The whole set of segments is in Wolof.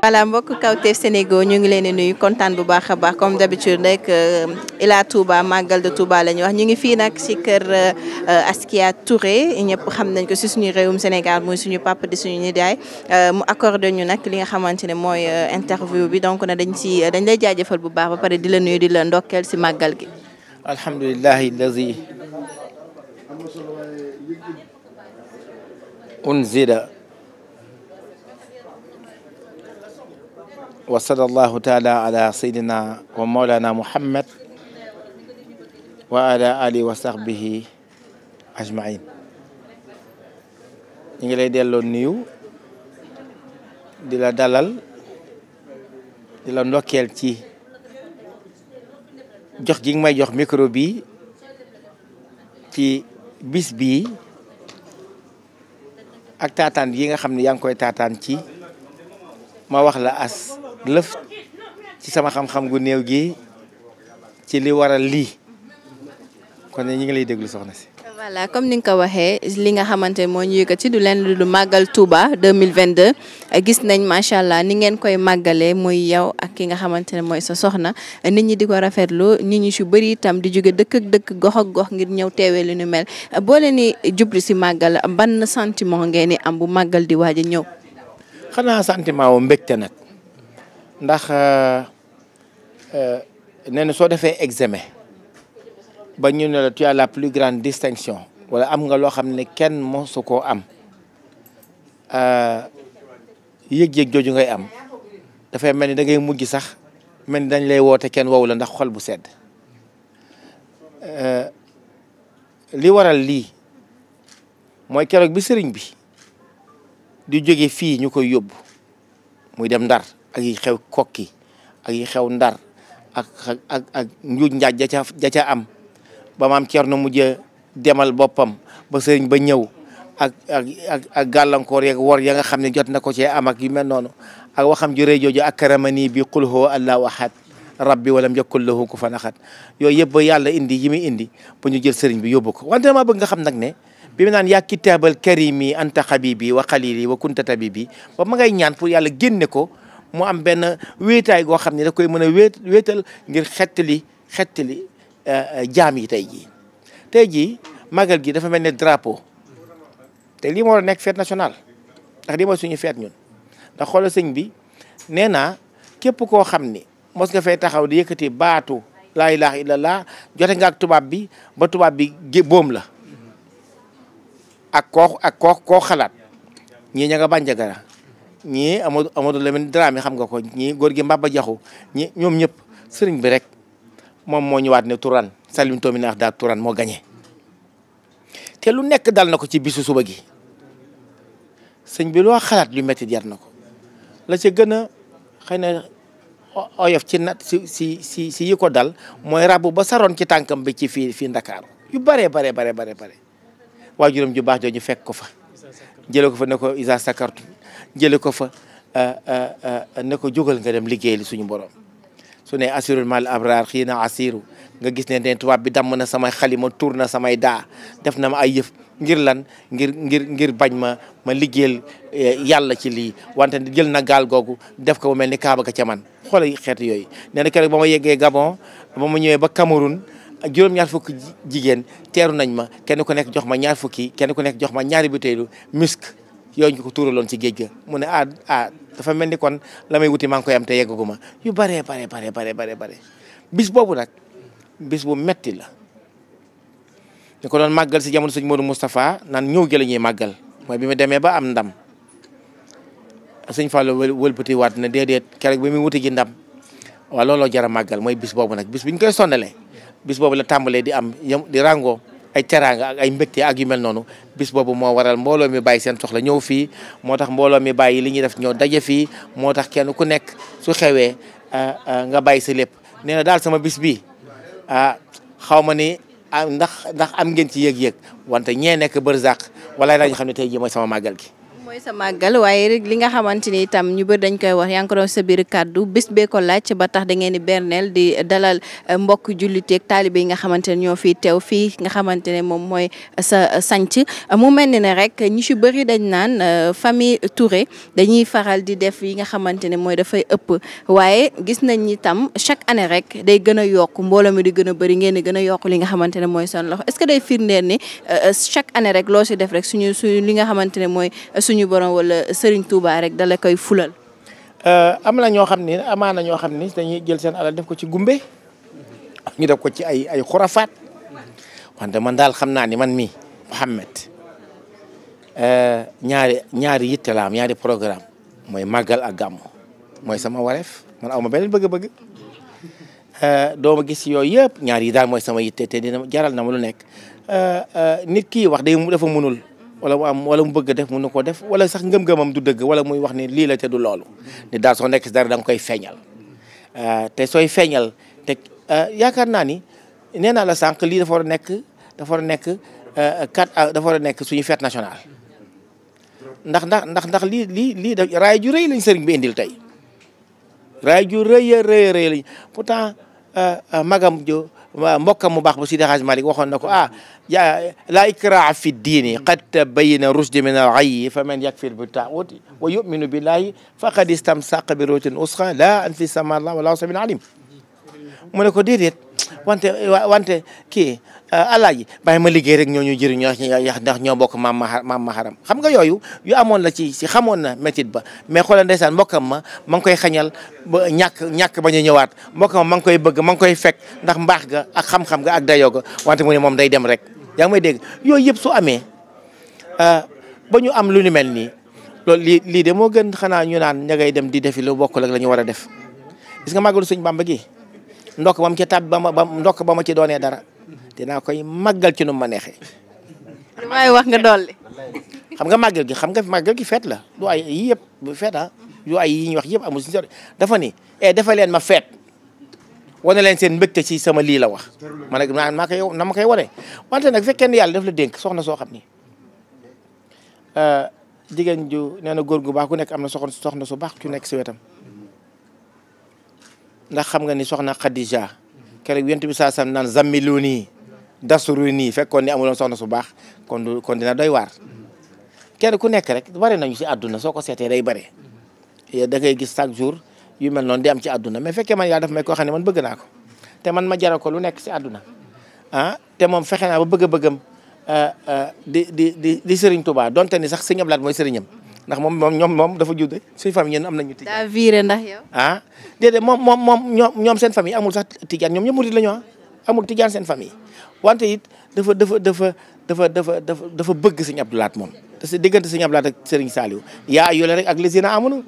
voilà mbokk Kawtef Sénégal ñu ngi leen di nuyu kontaan bu baax a baax comme d'habitude rek euh, Ila Touba màggal de Touba la wax ñu ngi fii nag si kër euh, Askia Touré ñëpp xam nañ ko si suñu réewum Sénégal muy suñu papa di suñu nijaay euh, mu accordé ñu nag li nga xamante ne mooy interview bi donc na dañ si dañ lay jaajëfal bu baax ba pare di la nuyu di la ndokkeel si màggal gi. alhamdulilahi lazi wa sallallahu taala ala sayyidina wa mawlana muhammad wa ala alihi wa sahbihi ajmain ñu ngi lay delloo nuyu di la dalal di la ndokkeel ci jox ji nga may jox micro bi ci bis bii ak taataan yi nga xam ne yaa ngi koy taataan ci ma wax la as lëf ci sama xam-xam gu néew gi ci li waral lii kon ñi ngi lay déglu soxna si. voilà comme ni nga ko waxee li nga xamante moo ñu ci du leen lu màggal Touba 2022 gis nañ macha allah ni ngeen koy màggalee mooy yow ak ki nga xamante ne mooy sa soxna nit ñi di ko rafetlu nit ñi si bëri itam di jóge dëkk dëkk gox ak gox ngir ñëw teewe lu ñu mel boo leen di jublu si màggal ban sentiment ngeen di am bu màggal di waaj a ñëw. xanaa sentiment wu mbégte nag ndax euh, euh, nee na soo defee examen ba ñu ne la tu as la plus grande distinction wala am nga loo xam ne kenn mosu koo am euh, yëg-yëg jooju ngay am dafay mel ni da ngay sax mel ni dañ lay woote kenn wow ndax xol bu sedd li waral lii mooy keroog bi sëriñ bi di jóge fii ñu koy yóbbu muy dem Ndar ak xew kokki ay xew ndar ak njuuj njaaj ja ca ja am ba maam Cerno mujj demal boppam ba sëriñ ba ñëw ak ak ak yeeg wor ya nga xam ne jot na ko cee am ak yu mel noonu ak waxam ju jooj a ak karamani bi qul huwa allahu ahad rabbi walam yakul lahu kufuwan ahad yooyu yëpp ba yàlla indi yi muy indi ba ñu jël sëriñ bi yóbbu ko wante dama bëgg nga xam nag ne bi mu yaa kitaabal karimi anta xabibi wa xalili wa kunta tabibi ba ma ñaan pour yàlla génne ko mu am benn wéetaay goo xam ne da koy mën a wéet wéetal ngir xettali xettali euh, euh, jaam yi tey jii tey jii magal gi dafa mel ne drapeau te lii moo war nekk fête national ndax lii mooy suñu fête ñun ndax xoola sëñ bi nee naa képp koo xam ni mos nga fee taxaw di yëkkati baatu laa la illallah jote nga ak tubaab bi ba tubaab bi gé boom la ak koo ak koo koo xalaat ñii ña nga bànjagara ñii Amadou Amadou Lamine Dramé xam nga ko ñii góor gi Mbaba Jaxu ñi ñoom ñëpp sëriñ bi rek moom moo ñëwaat ne Tourane Salim Tomi naax daal Tourane moo gañe te lu nekk dal na ko ci bisu suba gi sëñ bi loo xalaat lu métti jar na ko la ca gën a xëy na oyof ci nat si si si si yi ko dal mooy rabu ba saroon ci tànkam bi ci fii fii Ndakaaru yu baree bare bare bare bare waajuram ju baax jooju fekk ko fa jële ko fa ne ko isa sakartu jële ko fa euh, euh, euh, ne ko jógal nga dem liggéey li suñu borom su ne asirul mal abrar xii na asiru nga gis ne ne tubaab bi damm na samay xalima tuur na samay daa def na ma ay yëf ngir lan ngir ngir ngir bañ ma ma liggéeyal yàlla ci lii wante jël na gaal googu def ko ba mel ni kaaba ka ca man xoolal xeet yooyu nee na keroog ba ma yeggee Gabon ba ma ñëwee ba Cameroun juróom-ñaar fukki jigéen teeru nañ ma kenn ku nekk jox ma ñaar fukki kenn ku nekk jox ma ñaari butéelu misk yooyu yooñu ko tuuraloon ci géej ga mu ne ah ah dafa mel ni kon la may wuti maa koy am te yeggaguma yu baree bare bare bare bare bare bis boobu nag bis bu metti la ñu ko doon màggal si jamono sëñ Modou Moustapha naan ñëw gi la ñuy màggal mooy bi ma demee ba am ndam sëñ Fallou wëlbati waat na déedéet keroog bi muy wuti ji ndam waaw looloo jar a màggal mooy bis boobu nag bis bu ñu koy sonnalee bis boobu la tàmbalee di am di ràngoo ay teraanga ay mbégte ak yu mel noonu bis boobu moo waral mbooloo mi bàyyi seen soxla ñëw fii moo tax mbooloo mi bàyyi li ñuy def ñëw daje fii moo tax kenn ku nekk su xewee ah, ah, nga bàyyi sa lépp nee na daal sama bis bi ah xaw ma ni ah, ndax ndax am ngeen ci yëg-yëg wante ñee nekk bërzaq wala dañu xam ne tey jii mooy sama màggal gi. mooy sa màggal waaye li nga xamante ni itam ñu bëri dañ koy wax yaa ko doon sa biir kàddu bis bee ko laaj ba tax da ngeen di berneel di dalal eh, mbokk julliteeg taalibe yi nga xamante ne ñoo fii teew fii nga xamante ne moom mooy sa sanc mu mel ni ne rek ñi si bëri dañ naan eh, famille Touré dañuy faral di def yi nga xamante ne mooy dafay ëpp waaye gis nañ ni tam chaque année rek day gën a yokk mbooloo mi di gën a bari ngeen di gën a yokk li nga xamante ne mooy seen loxo est-ce que day firndeel ni eh, chaque année rek loo si def rek wala sëriñ Touba rek dala koy fulal. Euh, am na ñoo xam ni amaana ñoo xam ni dañuy jël seen alal def ko ci gumbe ñu def ko ci ay ay xurafaat wante man daal xam naa ni man mii Mouhamed euh, ñaari ñaari yitte laam ñaari programme mooy màggal ak gàmmu mooy sama wareef man aw ma beneen bëgg-bëgg euh, doo ma gis yooyu yëpp ñaar yi daal mooy sama yitte te dina jaral na ma lu nekk nit kii wax day dafa mënul. wala mu am wala mu bëgg def mun na ko def wala sax ngëm-ngëmam du dëgg wala muy wax ni lii la te du loolu ni daal soo nekk si dara da koy feeñal euh, te sooy feeñal te euh, yaakaar naa ni nee naa la sànq lii dafa war a nekk dafa a nekk euh, quatre dafa war a nekk suñu fête national ndax ndax ndax ndax lii lii lii da raay ju rëy lañ sëriñ bi indil tey raay ju rëy a rëy rëy lañ pourtant magam jo mbokkam mu baax ba Sidi Hadj Malick waxoon na ko ah ya laa ikraa fi diini qad tabayyana rushdu min al-ghayyi fa man yakfir bi taaguut wa yuminu billahi faqad istamsaka bi urwatil wusqa laa anfisama Allah wallahu samiun alim mu ne ko déedéet wante wante kii Euh, alaaji bàyyi ma liggéey rek ñoo ñu jëriñ yax ndax ñoo bokk maam maam maharam xam nga yooyu yu amoon la ci si xamoon na métit ba mais xoolal ndeysaan mbokkam ma ma ngi koy xañal ba ñàkk ñàkk bañ a ñëwaat mbokkam ma ma ngi koy bëgg ma ngi koy fekk ndax mbaax ga ak xam-xam ga ak dayoo ga wante mu ne moom day dem rek yaa ngi may dégg yooyu yëpp su amee euh, ba ñu am lu ñu mel nii loolu lii lii de moo gën xanaa ñu naan ña ngay dem di defi lu bokkul ak la ñu war a def gis nga màggalu sëñ Bàmba gi ndokk ba mu ca tàbbi ba ma ndokk ba ma ci doonee dara dinaa koy màggal ci nu ma neexee. may wax nga dolli. xam nga màggal gi xam nga màggal gi feet la du ay yii yëpp bu feet ah yu ay yi ñuy wax yëpp amul si dafa ni eh dafa leen ma feet wane leen seen mbégte ci sama lii la wax ma ne maa maa koy ma koy wane wante nag fekkee ne yàlla daf la dénk soxna soo xam ni euh, jigéen ju nee na góor gu baax ku nekk am na soxna soxna su baax ku nekk si wetam ndax xam nga ni soxna Khadija keroog yonent bi saa sam naan zammiluu nii dasuru nii fekkoon ni amuloon soxna su baax kon du kon dina doy waar kenn ku nekk rek bari nañu ci àdduna soo ko seetee day bare da ngay gis chaque jour yu mel noon di am ci àdduna mais fekkee man yaa daf may koo xam ne man bëgg naa ko te man ma jaral ko lu nekk si àdduna ah te moom fexe naa ba bëgg a bëggam ah, ah, di di di di sëriñ tubaa donte ni sax sëñ Ablaat mooy sëriñam ndax moom moom ñoom moom dafa judd suñu famille ñenn am nañu tijaan. daa viré ndax yow. ah déedéet moom moom moom ñoom seen famille amul sax tijaan ñoom ñëpp murid la ñu ah amul tijaan seen famille wante it dafa dafa dafa dafa dafa dafa dafa bëgg sëñ Abdou Lahad moom te si diggante sëñ Abdou Lahad ak sëriñ Saliou yaa yole rek ak lisina amunu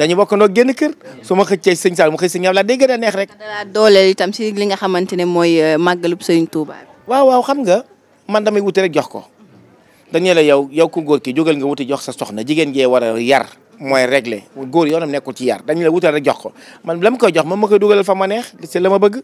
dañu bokkandoo génn kër su ma xëccee sëñ Sall ma xëy sëñ Abdou Lahad day gën neex rek. dala dooleel itam si li nga xamante ne mooy euh, màggalub sëñ Touba. waaw waaw xam nga man damay wute rek jox ko dañu la yow yow ku góor ki jógal nga wuti jox sa soxna jigéen jee war yar mooy régler góor yoonam nekkul ci yar dañu la wutal rek jox ko man la ma koy jox man ma koy dugaleel fa ma neex c'est la ma bëgg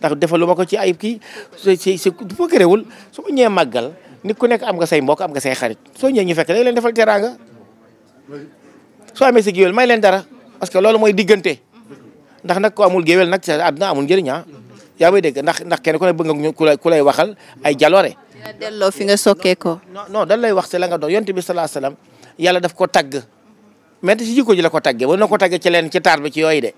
ndax defalu ma ko ci ay kii si si bu ma gërëwul su ma ñëwee màggal nit ku nekk am nga say mbokk am nga say xarit soo ñëwee ñu fekk léegi leen defal teraanga soo amee si géwél may leen dara parce que loolu mooy diggante ndax nak ko amul géwél nag sa àdduna amul njëriñ ah. yaa may dégg ndax ndax kenn ku ne bëgg ku lay ku lay waxal ay jaloore. dina fi nga sokkee ko. non non lay wax si la nga doon yonent bi salaa salaam yàlla daf ko tagg mais ci jikko ji la ko taggee wala na ko taggee ci leen ci taar bi ci yooyu de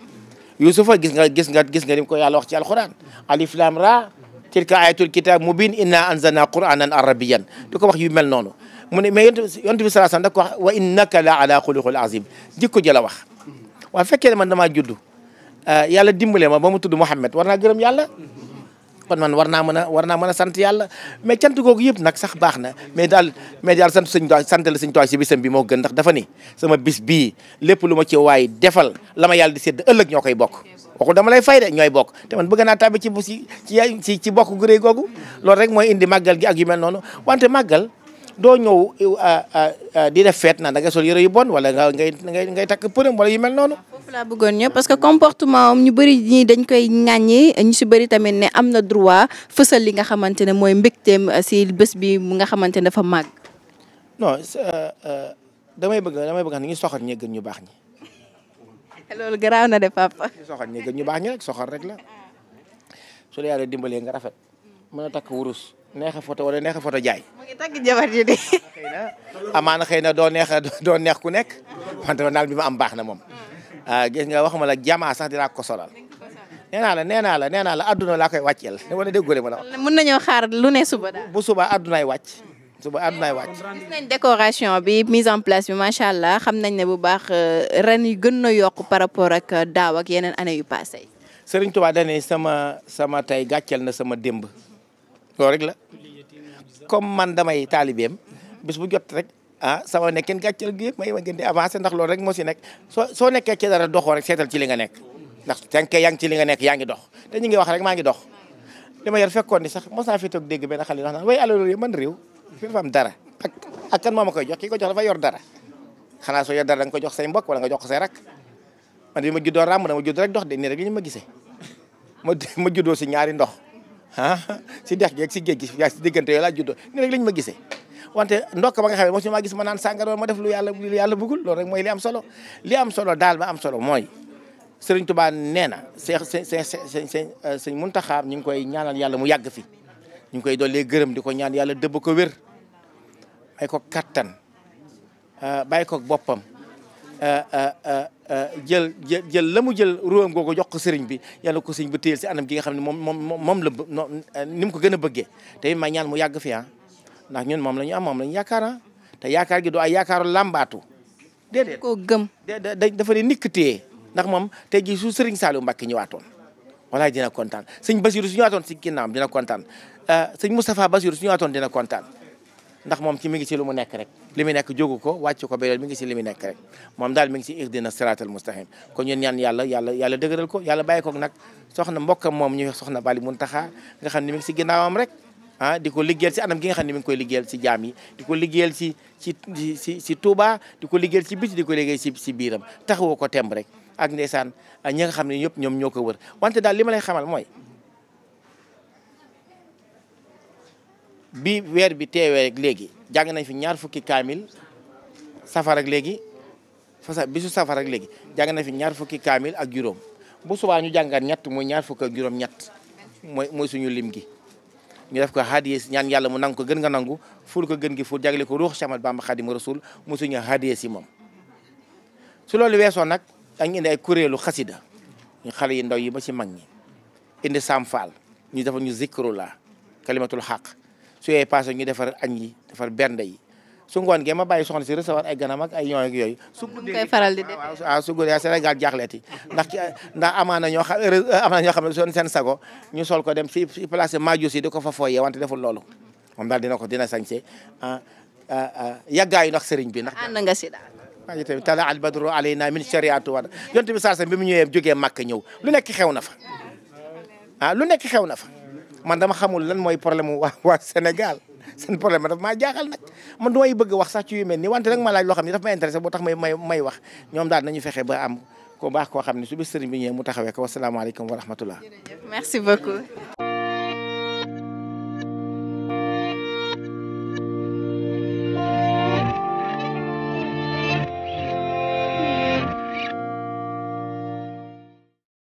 Yuusufa gis nga gis nga gis nga ni ko yàlla wax ci alquran alif lam ra tilka ayatul kitab mubin inna anzalna quranan arabiyan di ko wax yu mel noonu mu ne mais yonent yonent bi salaa salaam da ko wax wa innaka la ala xuluqul jikko ji la wax waaw fekkee ne man dama juddu Euh, yàlla dimbale ma ba mu tudd Mouhamed war naa gërëm yàlla kon man war naa mën a war naa mën a sant yàlla mais cant googu yëpp nag sax baax na mais daal mais daal sant sëñ Tuubaa sant la sëñ Tuubaa si bisam bi moo gën ndax dafa ni sama bis bii lépp lu ma ci waay defal lama yàlla di sédd ëllëg ñoo koy bokk waxul dama lay fay de ñooy bokk te man bëgg naa tàbbi ci ci ci ci bokk guré googu loolu rek mooy indi màggal gi ak yu mel noonu wante màggal doo ñow euh, euh, di def feet na da nga sol yëre yu bon wala nga ngay ngay ngay takk përëm wala yu mel noonu foofu bëggoon ñëw parce que comportement am ñu bëri ñii dañ koy ŋàññi ñu si bëri tamit ne am na droit fësal li nga xamante ne mooy mbégteem euh, si bés bi mu nga xamante ne dafa màgg. non euh, euh, damay bëgg damay bëgg ni ñu soxor ñee gën ñu baax ñi. loolu garaaw na de papa. ñu soxor ñee gën ñu baax ñi rek soxor rek la su la dimbalee nga rafet mën a takk wurus. neexa photo wala neexa photo jaay. tagg jabar ji xëy na amaana xëy doo neexa doo neex ku nekk wante daal bi ma am baax na moom. Ah, gis nga waxuma la jamaa sax dinaa ko solal nee naa la nee la nee naa la adduna laa koy wàcceel ne wala déggule ma la wax. mën nañoo xaar lu ne suba daal. bu suba addunaay wàcc. suba addunaay wàcc. gis décoration bi mise en place bi macha allah xam nañ ne bu baax euh, ren gën na yokk par rapport ak euh, daaw ak yeneen année yu passé Sëriñ Tuubaa dane sama sama tey gàcceel na sama démb loolu rek la comme man damay taalibeem bis bu jot rek ah sama ne kenn gàccal gi yëpp may ma gën di avancer ndax loolu rek moo si nekk soo soo nekkee ci dara doxoo rek seetal ci li nga nekk ndax tànkee yaa ngi ci li nga nekk yaa ngi dox te ñu ngi wax rek maa ngi dox li ma yor fekkoon ni sax mos naa fi toog dégg benn xale wax naan way alal réew man réew fi dafa am moo ma koy jox ki ko jox yor dara xanaa soo yor dara da ko jox say mbokk wala nga jox ko say rak man ma juddoo ràmm dama judd rek dox de nii rek li ñu ma gisee ma ma juddoo si ñaari ndox ah si dex gi si géej gi si diggante yooyu laa juddoo nii rek li ma gisee wante ndokk ba nga xam ne mosu gis ma naan sàngara ma def lu yàlla lu yàlla bëggul loolu rek mooy li am solo li am solo daal ba am solo mooy Serigne Touba nee na Seex sëñ sëñ sëñ sëñ Muntaxa ñu ngi koy ñaanal yàlla mu yàgg fi ñu ngi koy dollee gërëm di ko ñaan yàlla dëbb ko wér may ko kattan euh, bàyyi ko boppam euh, euh, jël jël jël la mu jël ruwam googu jox ko sëriñ bi yàlla ko sëriñ bi téyel si anam gi nga xam ne moom moom moom la ni mu ko gën a bëggee te ma ñaan mu yàgg fi ah ndax ñun moom lañu ñu am moom la ñu ah. te yaakaar gi du ay lambaatu làmbaatu déedéet koo gëm déedéet dafa ne nikk téye ndax moom tey jii su Serigne Saliou Mbacké ñëwaatoon walaay dina kontaan sëñ Bassirou su ñëwaatoon si ginnaawam dina kontaan euh, sëñ Moustapha Bassirou su ñëwaatoon dina kontaan ndax moom ci mi ngi ci lu mu nekk rek li mu nekk jógu ko wàcc ko béyoon mi ngi ci li mu nekk rek moom daal mi ngi ci ihdina siratal mustaqim kon ñun ñaan yàlla yàlla yàlla dëgëral ko yàlla bàyyi kook nag soxna mbokkam moom ñu soxna Bali Muntaxa nga xam ne mi ngi ci ginnaawam rek ah di ko liggéeyal si anam gi nga xam ne mi ngi koy liggéeyal si jaam yi di ko liggéeyal si si si si Touba di ko liggéeyal si biti di ko liggéey si si biiram taxawoo ko temb rek ak ndeysaan ñi nga xam ne ñëpp ñoom ñoo ko wër wante daal li ma xamal mooy bi weer bi teewee rek léegi jàng nañ fi ñaar fukki kaamil safara ak léegi fasa safara safar ak léegi jàng nañ fi ñaar fukki kaamil ak juróom bu subaa ñu jàngaat ñett mooy ñaar fukk ak juróom ñett mooy mooy suñu lim gi ñu def ko hadiye si ñaan yàlla mu nangu ko gën nga nangu ful ko gën gi ful jagle ko ruux Cheikh Ahmadou Bamba Khadimu Rasul mu suñu hadiye si moom su loolu weesoo nag dañu indi ay kuréelu xasida ñu xale yi ndaw yi ba ci mag ñi indi Sam Fall ñu defar ñu zikrullah kalimatul xaq su yooyu passé ñu defar añ yi defar bernde yi su ngoon gee ma bàyyi soxna si recevoir ay ganam ak ay ñooy ak Sénégal jaaxleeti ndax ci ndax amaana ñoo xam amaana ñoo xam ne son seen sago ñu sol ko dem si si place Majus yi di ko fa fooyee wante deful loolu moom daal dina ko dina sañse ah, ah, ah yàggaayu ndax sëriñ bi ndax. ànd nga si daal. maa ngi tamit tala al badru alayna min shariatu wa yonte bi saasam bi mu ñëwee jógee mak ñëw lu nekk xew na fa ah, lu nekk xew na fa man dama xamul lan mooy problème waa waa Sénégal seen problème daf maa jaaxal nag man du may bëgg wax sax ci yu mel nii wante nag ma laaj loo xam ne daf may intéressé boo tax may may wax ñoom daal nañu fexe ba am ko baax koo xam ne su bis sëriñ bi ñëwee mu taxawee ko wasalaamaaleykum wa rahmatullah merci beaucoup